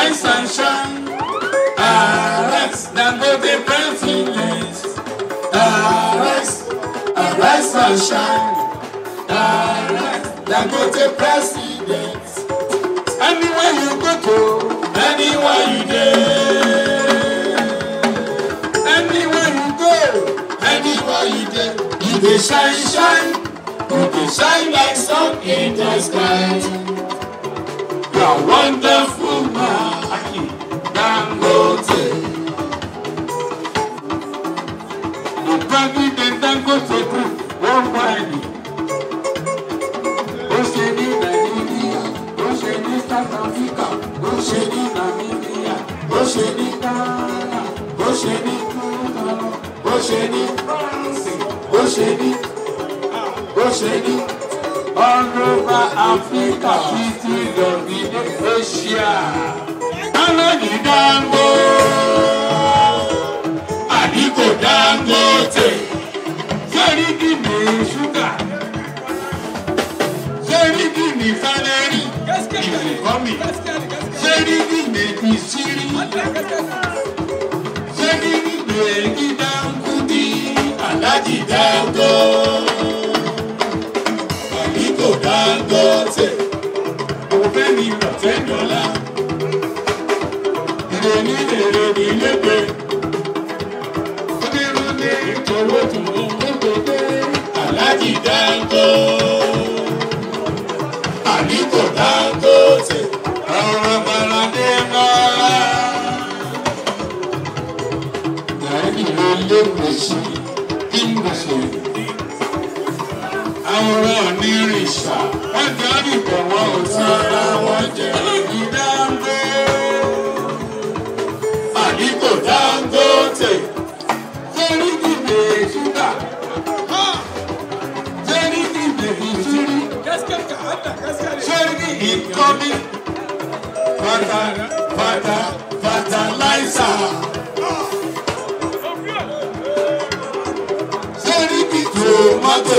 rise and shine. Arise, Dangote president. Arise, arise and shine. Arise, Dangote president. Anywhere you go to, anywhere you go. Anywhere you go, anywhere you go. You can shine, shine. You can shine like sun in the sky. You are wonderful. ṣe ní bó ṣe ní bó ṣe ní all over Africa títí lọ ní Asia. Alọ́ni dáńgó àdìgò dáńgóte sórí gìmì ṣúgà sórí gìmì fẹ́lẹ́rì ìrìkọ́mì sórí gìmì ìṣírí. Dangote Aliko Dangote Fẹ́mi Rọ̀tẹ́dọ́lá ìròyìn èrè ní lẹ́gbẹ̀ẹ́ onírúurú ìtọ́wọ́ tó ń gbogbo pé Aláàjì Dangote Aliko Dangote. kíkọ̀ wọn ò sí ara wọn jẹ́ ẹlẹ́yìn dáńgó. àdìgbò dáńgó tè jẹ́rí dìbè ṣúgà jẹ́rí dìbè ìṣírí jẹ́rí ìkọ́mí fata fata fatalaisa. jẹ́rí dìbò mọ́tò.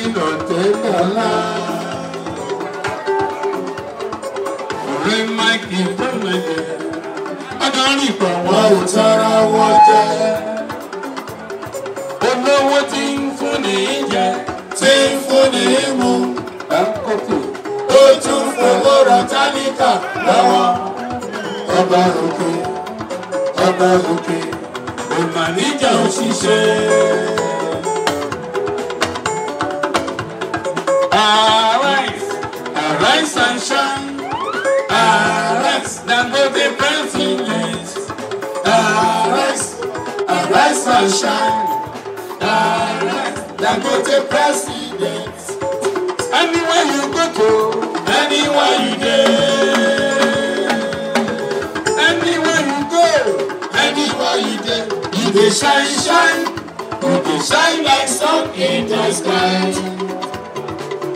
ìdọ̀tẹ́ ńlá. Ọ̀rẹ́ Máìkì Bọ́mẹ̀dẹ̀, Adarí ìpàwọ́ ò tara wọ́n jẹ. Olówó tí ń fúnni jẹ, tí ń fúnni mu. Ó tún fowó ra tálíkà lọ́wọ́. Ọba òkè, ọba òkè, òmàníjà òṣìṣẹ́. Arise, arise and shine. Arise, Dangote president. Arise, arise and shine. Arise, Dangote president. Anywhere you go to, anywhere you go. Anywhere you go, anywhere you go. You dey shine, shine. You dey shine like sun in the sky.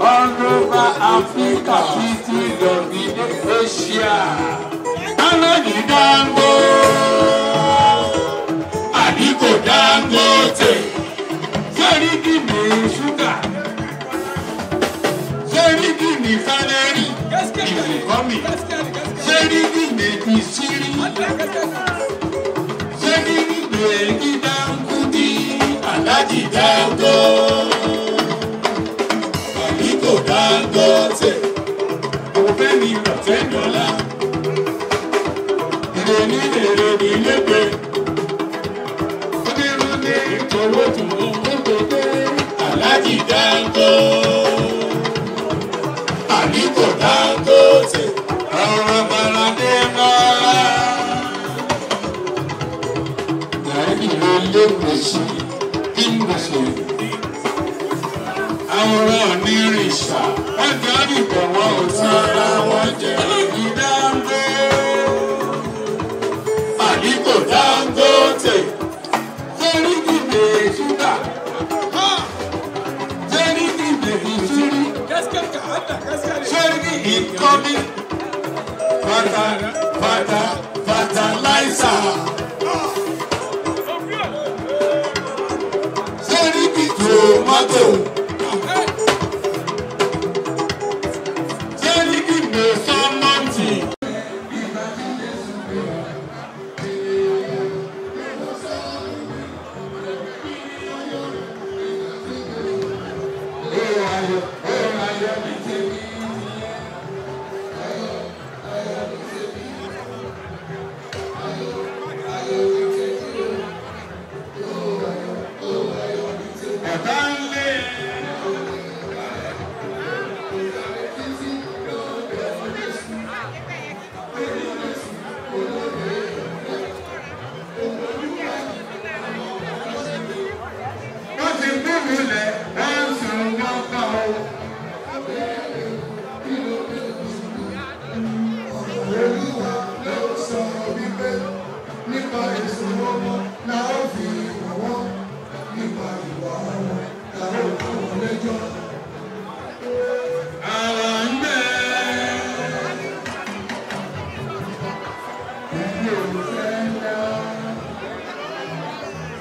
all over Africa títí lọ bí Asia. Kálọ́dì dáńgó àbí kò dáńgó tè. Sẹ́rí kìíní ṣúgà. Sẹ́rí kìíní fánẹ́rì. Ìfìkọ́mì. Sẹ́rí kìíní ti sírí. Sẹ́rí kìíní ẹ̀ẹ́dì dáńgó bí Aláàjì dáńgó lóòtè òfé mi rọ̀tẹ́ dọ́là ìrònú èrè ní lẹ́gbẹ̀ẹ́ wọn ní rìṣà wọn dárí bọ̀ wọn ò tán ara wọn jẹ́ ìdá. Thank you.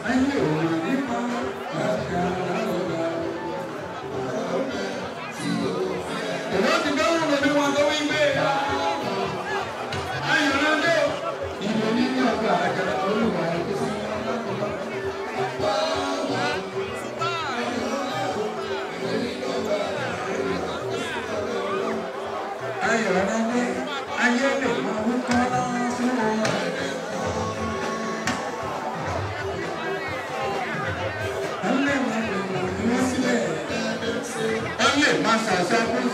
Thank you.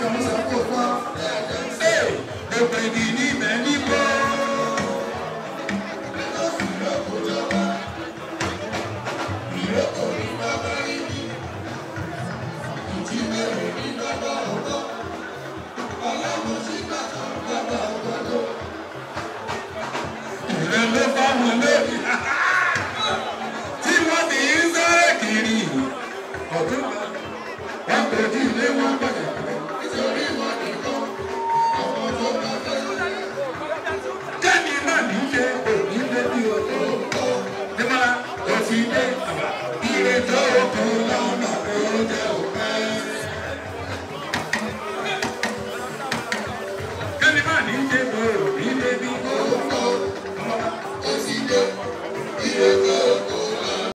Hey, open the